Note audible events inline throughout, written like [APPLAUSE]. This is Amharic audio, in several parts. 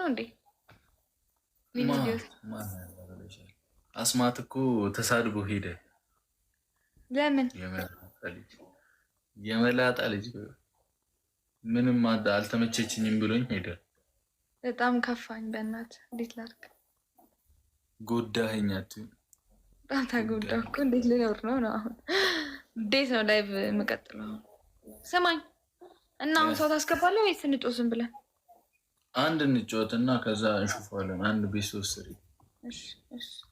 ነው እንዴ? አስማት እኮ ተሳድቦ ሄደ። ለምን የመላጣ ልጅ ምንም አልተመቸችኝም ብሎኝ ሄደ። በጣም ከፋኝ። በእናት እንዴት ላድርግ? ጎዳኸኛት። በጣም ተጎዳሁ እኮ። እንዴት ልኖር ነው ነው? አሁን [LAUGHS] እንዴት ነው ላይቭ የምቀጥለው? ስማኝ እና አሁን ሰው ታስገባለህ ወይስ እንጦስም ብለን አንድ እንጫወት እና ከዛ እንሹፋለን። አንድ ቤት ሶስት ስሪ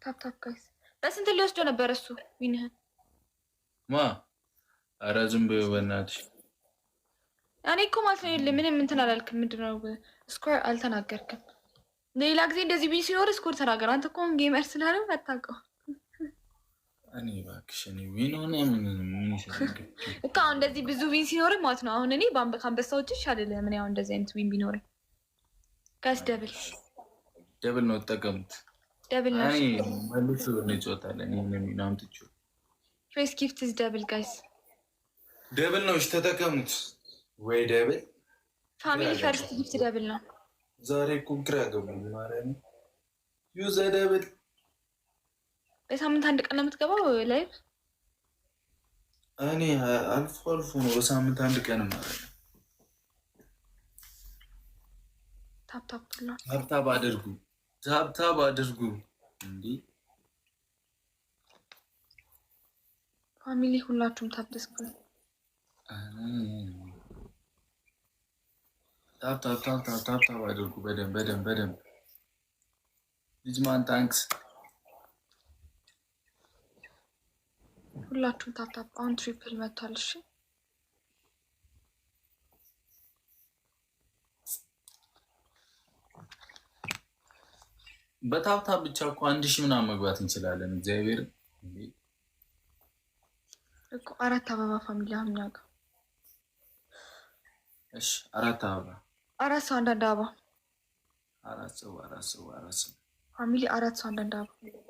ታታካይስ በስንት ሊወስዶ ነበር እሱ ዊንህን ማ አረ ዝም ብዬ በእናትሽ እኔ እኮ ማለት ነው የለ ምንም እንትን አላልክም። ምንድነው ነው ስኮር አልተናገርክም። ሌላ ጊዜ እንደዚህ ቢል ሲኖር ስኮር ተናገር። አንተ እኮ ጌመር ስላለ አታውቀው። እኔ እባክሽ እኔ ዊን ሆነ ምን እኮ አሁን እንደዚህ ብዙ ዊን ሲኖርም ማለት ነው አሁን እኔ ከአንበሳዎች ይሻላል። ምን ያው እንደዚህ አይነት ዊን ቢኖርም ጋዝ ደብል ደብል ነው ተጠቀሙት። ደብል ነው መልሱ ምን ይህን አምጥቼ ፌስ ጊፍት ደብል ጋይስ ደብል ነው ተጠቀሙት። ወይ ደብል ፋሚሊ ፈርስት ጊፍት ደብል ነው። ዛሬ እኮ ግራ ገባኝ ማለት ዩዘ ደብል በሳምንት አንድ ቀን ነው የምትገባው ላይቭ። እኔ አልፎ አልፎ ነው በሳምንት አንድ ቀን ማለት ነው። ታብታብ አድርጉ፣ ታብታብ አድርጉ። ፋሚሊ ሁላችሁም ታብደስኩ ታብታብ አድርጉ። በደንብ በደንብ በደንብ ልጅ ታንክስ ሁላችሁም ታብታብ። አሁን ትሪፕል መቷል። እሺ በታብታ ብቻ እኮ አንድ ሺህ ምናምን መግባት እንችላለን። እግዚአብሔር እኮ አራት አበባ ፋሚሊ ምኛ ጋር እሺ፣ አራት አበባ አራት ሰው አንዳንድ አበባ አራት ሰው አራት ሰው አራት ሰው ፋሚሊ አራት ሰው አንዳንድ አበባ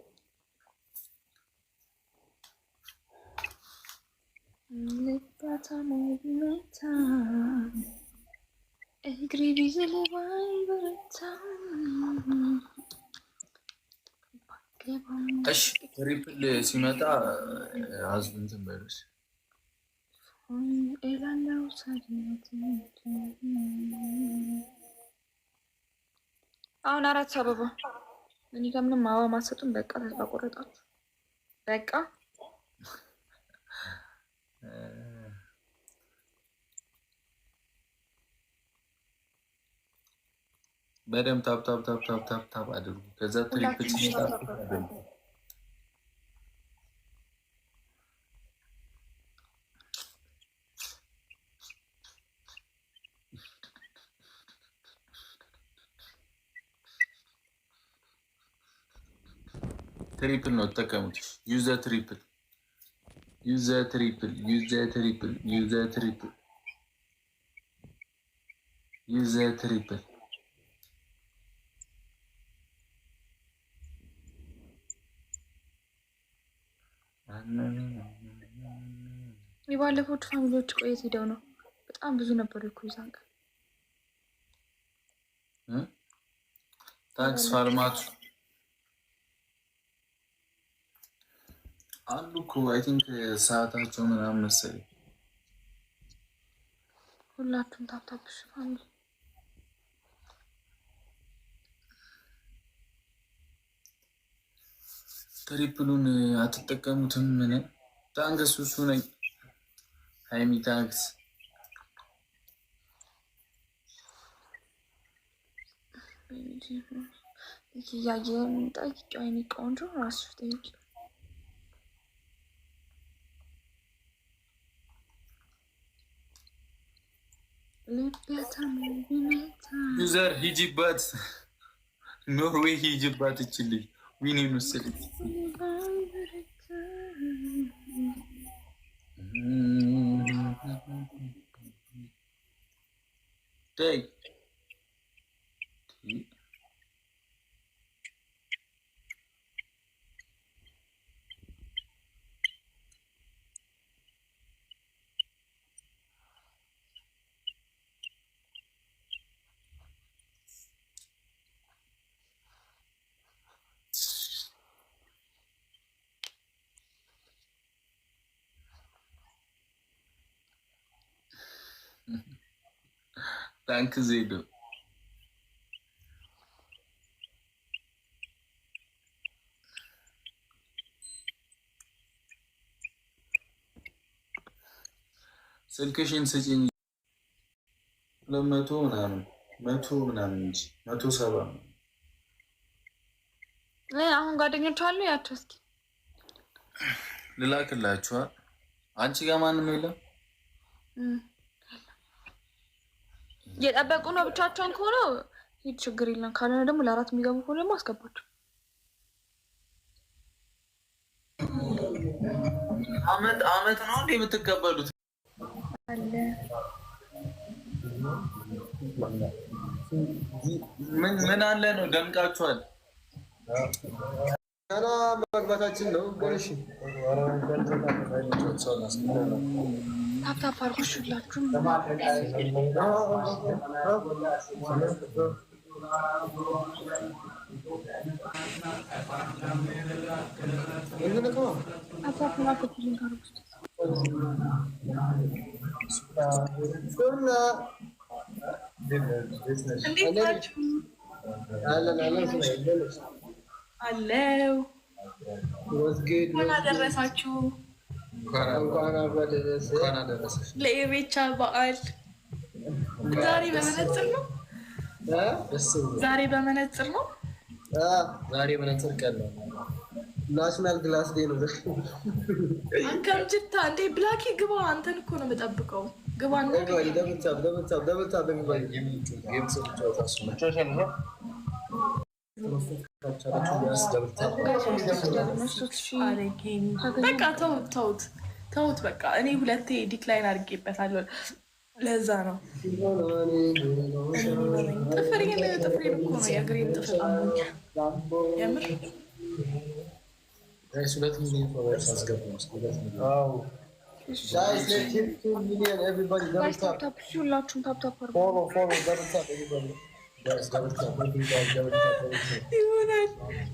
ልባታ ማግኘታ እግሪ ቢዝልብ እሺ ትሪፕል ሲመጣ አዝብንትን በሉስ አሁን አራት አበባ እኔ ጋ ምንም አበባ ማሰጡን በቃ ተስፋ ቆረጣችሁ። በቃ በደምብ ታብ ታብ ታብ ታብ ታብ አድርጉ። ከዛ ትሪፕል ሲመጣ ትሪፕል ነው ተጠቀሙት። ዩዘ ትሪፕል ዩዘ ትሪፕል ዩዘ ትሪፕል ዩዘ ትሪፕል ዩዘ ትሪፕል የባለፈው ፋሚሊዎች ቆየት ሄደው ነው። በጣም ብዙ ነበሩ እኮ ይዛን ቀን ታክስ ፋርማቱ አሉ እኮ አይ ቲንክ ሰዓታቸው ምናምን መሰለኝ። ሁላችሁም ታብታብ ሽፋሉ። ትሪፕሉን አትጠቀሙትም? ምን ታንገሱ እሱ ነኝ ሃይሚ ታንክስ እያየን ጠይቅ አይኔ ቆንጆ ራሱ ጠይቅ ዩዘር ሂጂባት ኖርዌይ ሂጂባት እችልኝ ዊን የመሰል ይ Danke, Seele. ስልክሽን ስጭኝ። ሁለት መቶ ምናምን መቶ ምናምን እንጂ መቶ ሰባ አሁን ጓደኞች አሉ ያቸው እስኪ ልላክላችኋል። አንቺ ጋር ማንም የለም። የጠበቁ ነው። ብቻቸውን ከሆነ ይህ ችግር የለም። ካልሆነ ደግሞ ለአራት የሚገቡ ከሆነ ደግሞ አስገባቸው። አመት አመት ነው እንዴ የምትቀበሉት? ምን ምን አለ ነው ደምቃችኋል። ገና መግባታችን ነው። ታፕታፕ አርጉሽላችሁ እንዴት ናችሁ? አለን አለን አለው አደረሳችሁ። ለኢሬቻ በዓል ዛሬ በመነጽር ነው። ዛሬ በመነጽር ነው። ዛሬ መነጽር ቀን ነው። ናሽናል ግላስ ዴ ነው። አንከምጅታ እንዴ ብላኪ ግባ። አንተን እኮ ነው የምጠብቀው። ግባ በቃ ተውት ተውት ተውት በቃ እኔ ሁለቴ ዲክላይን አድርጌበታለሁ። ለዛ ነው ጥፍሬን ጥፍሬን እኮ ነው የእግሬን ጥፍር የምር ሁለት ሚሊዮን ፎሎወርስ አስገቡ። ሁላችሁም ታፕታፕ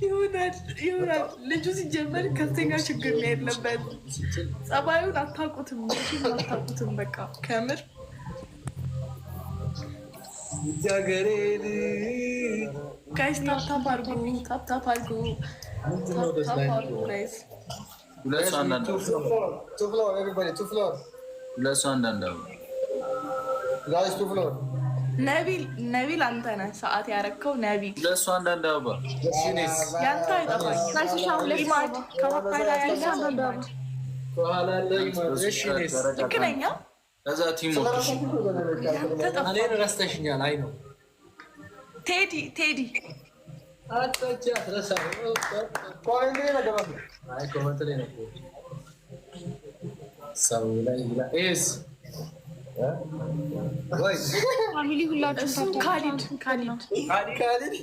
ይሆናል ልጁ ሲጀመር ከፍተኛ ችግር ነው ያለበት። ጸባዩን አታውቁትም፣ አታውቁትም። በቃ ከምር ጋይስ ታፕታፕ አድርጉ፣ ታፕታፕ አድርጉ፣ ታፕታፕ አድርጉ ጋይስ ሁለት ሰው አንዳንድ ነቢል ነቢል፣ አንተ ነህ ሰዓት ያረከው። ነቢል ለእሱ አንዳንድ አበባ ያንተ አይጠፋኝ። ትክክለኛ ቲሞች ረስተሽኛል። አይ ነው ቴዲ ቴዲ ሰው ላይ ፋሚሊ ሁላችሁም ካሊድ ካሊድ ካሊድ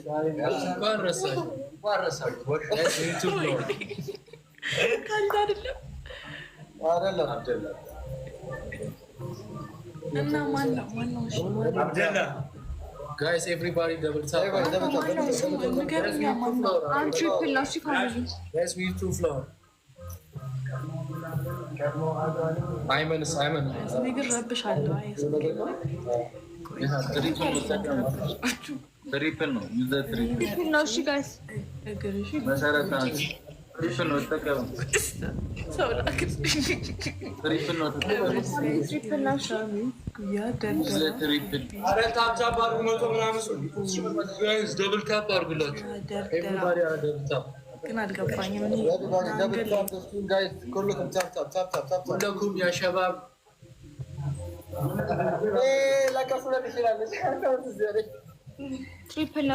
እና ማን ነው ማን ነው? አብደላ ጋይስ ኤቭሪባዲ ደብል ታፕ አይመን አይመን ግን ረብሻለሁ። ትሪፕል ነው ነው። እሺ ጋይስ መሰረት ትሪፕል ነው ተጠቀሙ። ትሪፕል ነው ተጠቀሙ። ግን አልገባኝም። ሁለኩም ያሸባብ ትሪፕል